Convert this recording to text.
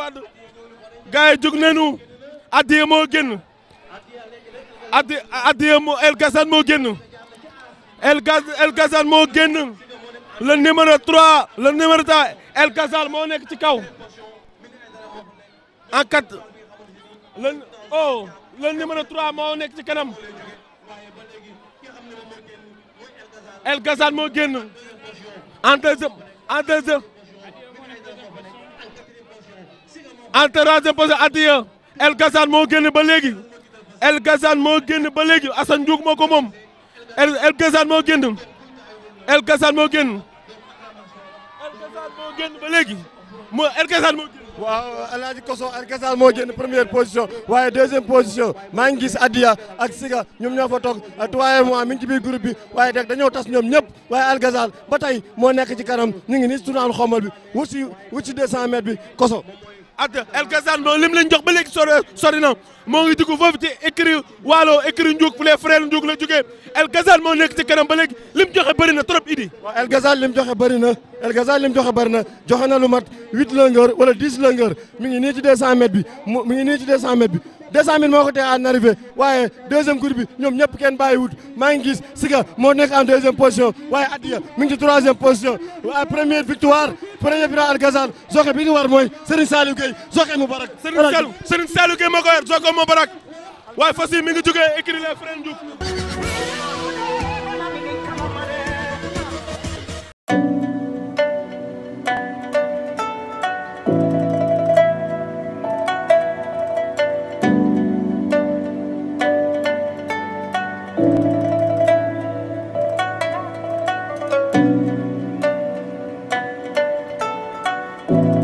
Wade gars yi jóg nañu addiya moo génn addi addiya El Gassane moo génn El Gass El Gassane moo génn le numéro 3 le El Gassane moo nekk ci kaw en quatre le oh le numéro 3 moo ci kanam El Gassane moo génn en en troisième position Atiya El moo génn ba léegi El moo génn ba léegi Assane Ndiouk moo ko moom El El Gassane moo génn El Gassane moo génn El Gassane moo génn ba léegi moo El Gassane moo génn. waaw El Koso El moo génn première position waaye deuxième position maa ngi gis Adiya ak Siga ñoom ñoo fa toog waaye mois mi ngi ci biir grup bi waaye nag dañoo tas ñoom ñëpp waaye El ba tey moo nekk ci kanam ñu ngi nii suñu xommal bi wut si wut si bi Koso. at El Kazan moom lim lañ jox ba léegi sori sori na moo ngi dugg foofu ci écrit waalo écrit Ndiouk les frères Ndiouk la jógee El Kazan moo nekk ci kanam ba léegi lim joxe bëri na trop idi waaw El Kazan lim joxe bëri na El Kazan lim joxe bëri na joxe na lu mat huit longueur wala dix longueur mi ngi nii ci deux cent bi mu mi ngi nii ci bi 200 000 moo ko tee en arrivé waaye deuxième groupe bi ñoom ñëpp kenn bàyyiwut maa ngi gis Siga moo nekk en deuxième position waaye Adiya mi ngi ci troisième position waaye première victoire premier prix Al Ghazal bi ñu war mooy Serigne Saliou Gueye Zoké Moubarak. Serigne Saliou Serigne Saliou moo ko yor Zoké Moubarak waaye fas yi mi ngi jugee écrit les Thank you.